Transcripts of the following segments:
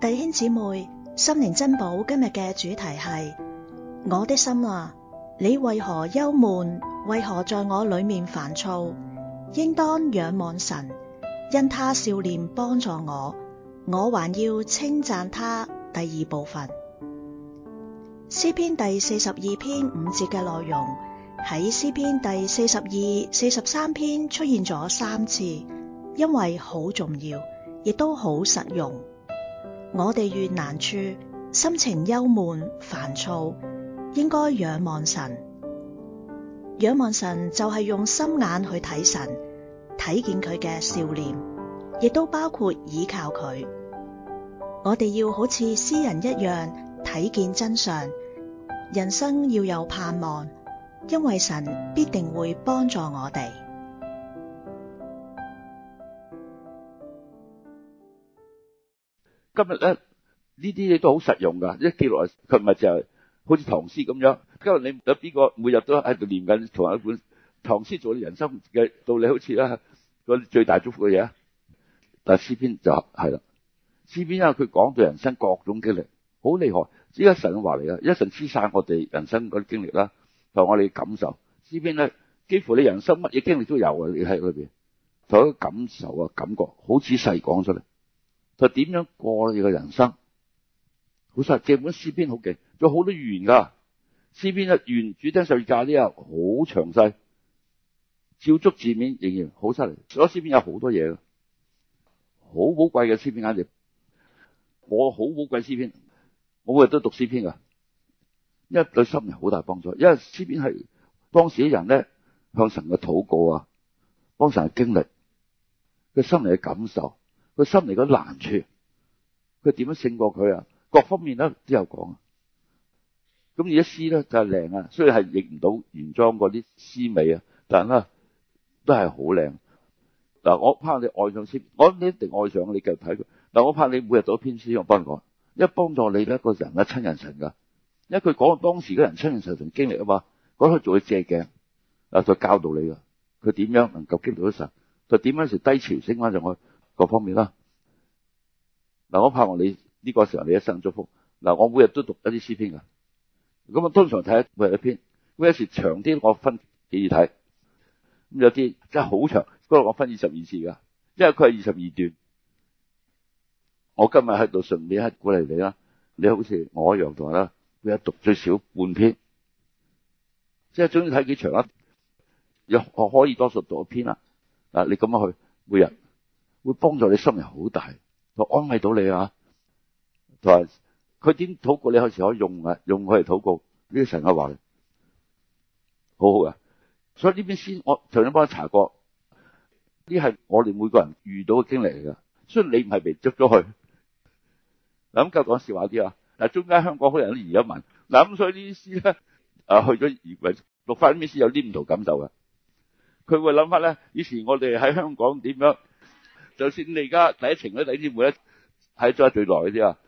弟兄姊妹，心靈珍寶今日嘅主題係我的心啊，你為何憂悶？為何在我裡面煩躁？應當仰望神，因他笑臉幫助我。我還要稱讚他。第二部分，詩篇第四十二篇五節嘅內容喺詩篇第四十二、四十三篇出現咗三次，因為好重要，亦都好實用。我哋遇難處，心情憂悶煩躁，應該仰望神。仰望神就係用心眼去睇神，睇見佢嘅笑臉，亦都包括依靠佢。我哋要好似詩人一樣睇見真相。人生要有盼望，因為神必定會幫助我哋。今日咧呢啲嘢都好實用噶，是就是、一記落嚟，佢咪就好似唐詩咁樣。今日你有邊個每日都喺度唸緊同一本唐詩，做你人生嘅道理，好似啦，嗰最大祝福嘅嘢。但係詩篇就係、是、啦，詩篇因為佢講到人生各種經歷，好厲害。依一神話嚟噶，一神撕散我哋人生嗰啲經歷啦，同我哋感受。詩篇咧，幾乎你人生乜嘢經歷都有啊，你喺裏邊，同一感受啊，感覺好仔細講出嚟。就點樣過你嘅人生？好犀利！借本詩篇好勁，仲有好多預言噶。詩篇一預言主釘十字架嘅啊，好詳細，照足字面仍然好犀利。所詩篇有好多嘢，好寶貴嘅詩篇，簡直我好寶貴詩篇，我每日都讀詩篇噶，因為對心靈好大幫助。因為詩篇係當時啲人咧向神嘅禱告啊，幫神嘅經歷佢心靈嘅感受。個心嚟嘅難處，佢點樣勝過佢啊？各方面咧都有講。咁而啲詩咧就係靚啊，雖然係認唔到原裝嗰啲詩味啊，但係咧都係好靚嗱。我怕你愛上詩，我諗你一定愛上你繼續睇佢。嗱，我怕你每日讀一篇詩，我幫你講，因為幫助你咧個人咧親人神噶，因為佢講當時嗰人親人神同經歷啊嘛，嗰佢做佢借鏡啊，就教導你㗎。佢點樣能夠激動到神？就點樣從低潮升翻上去？各方面啦，嗱，我盼望你呢個時候你一生祝福。嗱，我每日都讀一啲詩篇噶，咁我通常睇每日一篇，嗰有時長啲我分幾次睇，咁有啲真係好長，嗰度我分二十二次噶，因為佢係二十二段。我今日喺度順便鼓勵你啦，你好似我一樣同啊，每日讀最少半篇，即係中意睇幾長啦，有我可以多數讀一篇啊，嗱，你咁樣去每日。會幫助你心人好大，就安慰到你啊！同埋佢點禱告，你有時可以用啊，用佢嚟禱告。呢啲，成日話，好好噶。所以呢篇詩，我曾經幫你查過，呢係我哋每個人遇到嘅經歷嚟噶。雖然你唔係被捉咗去，諗夠講笑話啲啊！嗱，中間香港好人都移咗民，嗱咁所以呢啲詩咧，啊去咗移民，讀返呢篇詩有啲唔同感受噶。佢會諗翻咧，以前我哋喺香港點樣？就算你而家第一程嗰啲弟兄姊妹睇咗最耐嗰啲啊，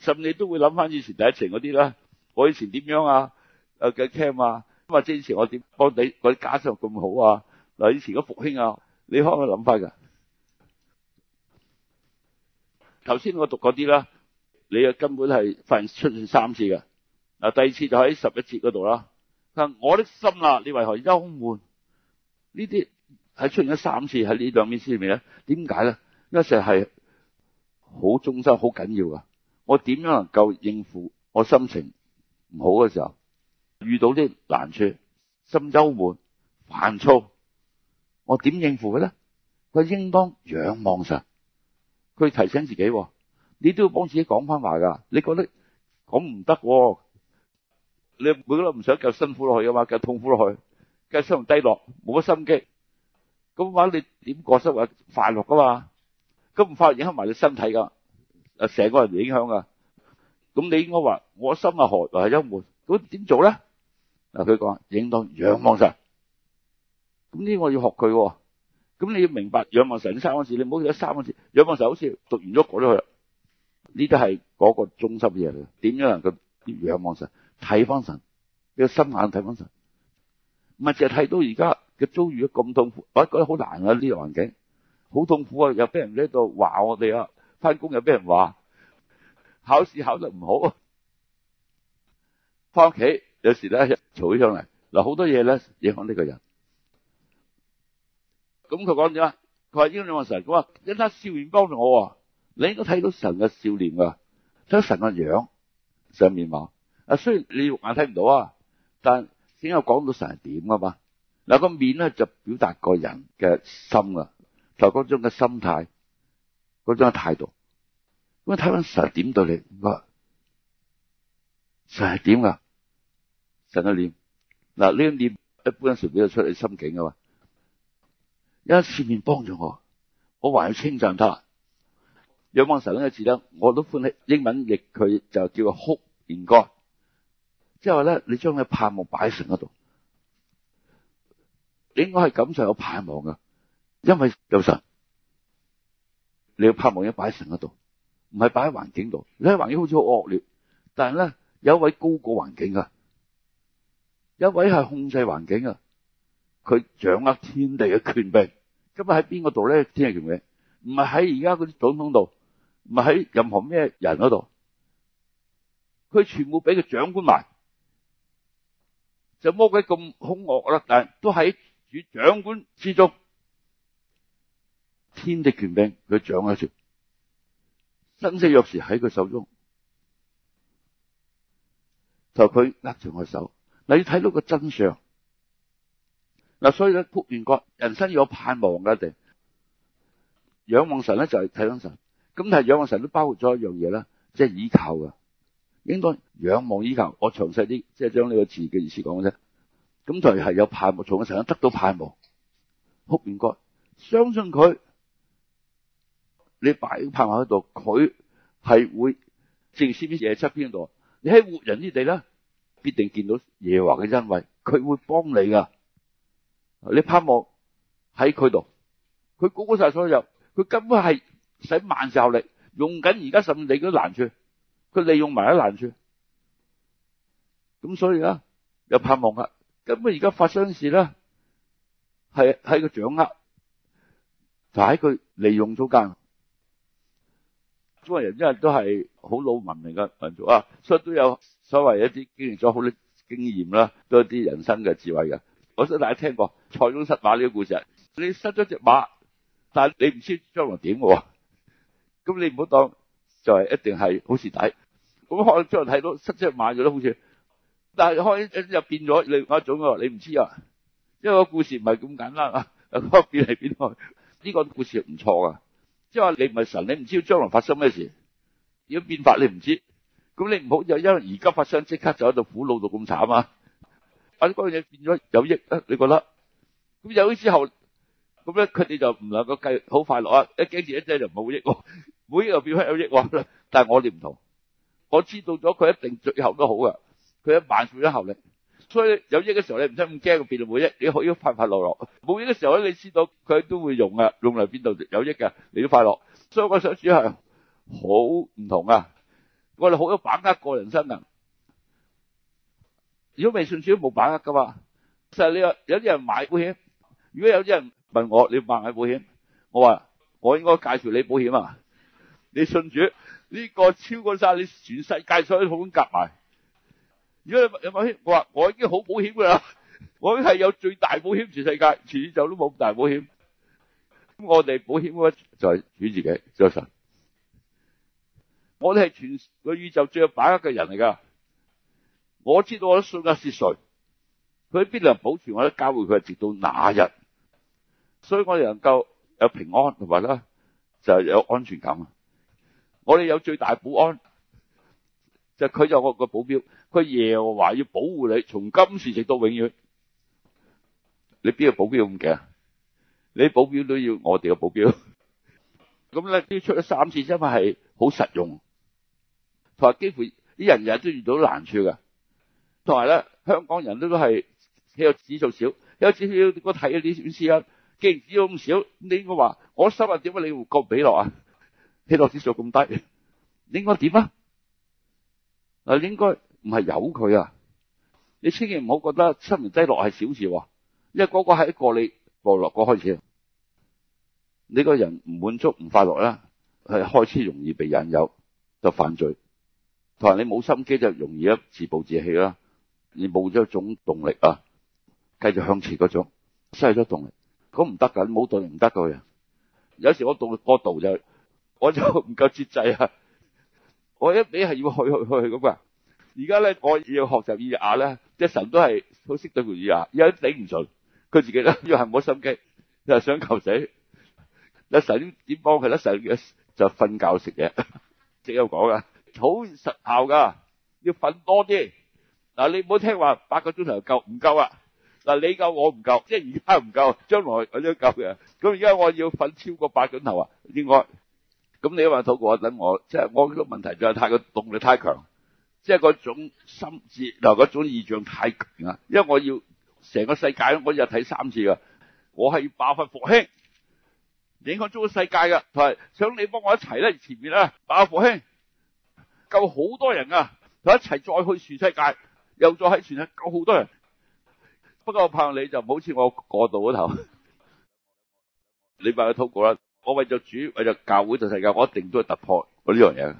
甚至都會諗翻以前第一程嗰啲啦。我以前點樣啊？阿偈聽啊？咁啊？之前我點？我你嗰啲家上咁好啊？嗱，以前嗰復興啊，你可唔可以諗翻噶？頭先我讀嗰啲啦，你啊根本係分出三次嘅，嗱，第二次就喺十一節嗰度啦。但我的心啊，你為何憂悶？呢啲。喺出現咗三次喺呢兩篇書入面咧，點解咧？因為神係好忠心、好緊要啊！我點樣能夠應付我心情唔好嘅時候，遇到啲難處、心憂悶、煩躁，我點應付佢咧？佢應當仰望神。佢提醒自己，你都要幫自己講翻話㗎。你覺得咁唔得，你每個都唔想繼續辛苦落去啊嘛，繼續痛苦落去，繼續心情低落，冇乜心機。咁話你點過生活快樂噶嘛？咁唔快樂影響埋你身體噶，誒，成個人影響噶。咁你應該話，我心啊，何為憂悶？咁點做咧？嗱，佢講，應當仰望神。咁呢個我要學佢。咁你要明白仰望神三個字，你唔好記得三個字。仰望神好似讀完咗過咗去。呢啲係嗰個中心嘢嚟，點樣能夠仰望神？睇翻神，用心眼睇翻神。咪淨係睇到而家。嘅遭遇咁痛苦，我覺得好難啊！呢個環境好痛苦啊！又俾人喺度話我哋啊，翻工又俾人話考試考得唔好，翻屋企有時咧嘈起上嚟嗱，好多嘢咧影響呢個人。咁佢講咗，啊？佢話：應該仰望神，講啊，因他笑臉幫助我。你應該睇到神嘅笑臉㗎，睇到神嘅樣上面話啊。雖然你肉眼睇唔到啊，但點解講到神係點㗎嘛？嗱個面咧就表達個人嘅心啊，就嗰種嘅心態，嗰種嘅態度。咁啊睇翻神係點對你，唔神係點噶？神嘅念，嗱呢啲念一般時表佢出你的心境噶嘛。因祂笑臉幫助我，我還要稱讚祂。仰望神嗰一字咧，我都歡喜。英文譯佢就叫 hope in God。即係話咧，你將佢盼望擺神嗰度。應該係感受有盼望噶，因為有神，你要盼望嘢擺喺神嗰度，唔係擺喺環境度。呢環境好似好惡劣，但係咧有一位高過環境啊，一位係控制環境啊，佢掌握天地嘅權柄。咁啊喺邊個度咧？天地權柄唔係喺而家嗰啲總統度，唔係喺任何咩人嗰度，佢全部俾佢掌管埋。就魔鬼咁兇惡啦，但係都喺。與長官之中，天的權柄佢掌握住，生死鑰匙喺佢手中。就佢握住我手，你要睇到個真相。嗱，所以咧撲面過，人生要有盼望噶，定仰望神咧就係睇緊神。咁但係仰望神都包括咗一樣嘢啦，即係倚靠噶。應該仰望依靠。我詳細啲即係將呢個字嘅意思講嘅啫。咁就係有盼望，從嘅成得到盼望，撲面該相信佢。你擺個喺度，佢係會正先先耶七邊度。你喺活人之地咧，必定見到耶和華嘅恩惠，佢會幫你噶。你盼望喺佢度，佢高高晒所有，佢根本係使萬兆力，用緊而家甚至嘅難處，佢利用埋啲難處。咁所以啊，有盼望啊！咁本而家發生事咧，係喺個掌握，就喺、是、佢利用咗間。中國人因為都係好老文明嘅民族啊，所以都有所謂一啲經歷咗好多經驗啦，都有一啲人生嘅智慧嘅。我想大家聽過塞翁失馬呢個故事，你失咗隻馬，但係你唔知將來點喎。咁你唔好當就係一定係好蝕底。咁可能將來睇到失隻馬咗都好似～但係開又變咗另外一種喎，你唔知啊，因為個故事唔係咁簡單啊，變嚟變去，呢個故事唔錯啊，即係話你唔係神，你唔知將來發生咩事，如果變法你唔知，咁你唔好就因為而家發生即刻就喺度苦惱到咁慘啊，反正嗰樣嘢變咗有益啊，你覺得？咁有益之後，咁咧佢哋就唔能夠計好快樂啊，一驚住一驚就冇益喎，冇益又變翻有益喎，但係我哋唔同，我知道咗佢一定最後都好啊。佢一滿足一後力，所以有益嘅時候你唔使咁驚變到冇益，你要要快快樂樂。冇益嘅時候咧，你知道佢都會用啊，用嚟邊度有益噶你都快樂。所以我想主係好唔同啊！我哋好多把握個人身能，如果未信主都冇把握噶嘛其實你話有啲人買保險，如果有啲人問我你買唔買保險，我話我應該介紹你保險啊！你信主呢，這個超過晒你全世界所有統夾埋。如果你問我話，我已經好保險噶啦，我已經係有最大保險，全世界全宇宙都冇咁大保險。咁我哋保險嘅就係主自己，主神。我哋係全個宇宙最有把握嘅人嚟噶。我知道我所信的是誰，佢必能保全我啲交付，佢係直到那日，所以我哋能夠有平安同埋呢，就係有安全感。我哋有最大保安。就佢就我個保鏢，佢耶和華要保護你，從今時直到永遠。你邊個保鏢咁勁？你保鏢都要我哋嘅保鏢。咁咧都要出咗三次，真係好實用。同埋幾乎啲人人都遇到難處嘅，同埋咧香港人都都係起落指數少，因為指數我睇嗰啲點知啊？既然指數咁少，你應該話我收入啊？點解你唔降俾落啊？起落指數咁低，你應該點啊？你應該唔係由佢啊！你千祈唔好覺得失魂低落係小事，因為嗰個係一個你墮落嘅開始。你個人唔滿足，唔快樂啦，係開始容易被引誘，就犯罪。同埋你冇心機就容易自暴自棄啦，你冇咗一種動力啊，繼續向前嗰種，失去咗動力，咁唔得緊，冇動力唔得噶。有時我度過度就我就唔夠節制啊！我一尾係要去去去咁啊！而家咧，我要學習以利亞咧，只神都係好識對付以利亞，有啲頂唔順，佢自己咧要係冇心機，又、就是、想求死，只神點幫佢？一神嘅就瞓覺食嘢，只有講噶，好實效噶，要瞓多啲嗱。你唔好聽話，八個鐘頭夠唔夠啊？嗱，你夠我唔夠，即係而家唔夠，將來我都夠嘅。咁而家我要瞓超過八個鐘頭啊，應該。咁你一話透過等我，即係我呢個問題，就係太過動力太強，即係嗰種心智，嗱嗰種意象太強。因為我要成個世界，我日睇三次噶，我係要爆發復興，影響咗個世界噶。同埋想你幫我一齊咧，前面呢，爆發復興，救好多人啊，同一齊再去全世界，又再喺全世界救好多人。不過我怕你就唔好似我過度嗰頭，你咪去透過啦。我為咗主，為咗教會同世界，我一定都係突破我呢樣嘢。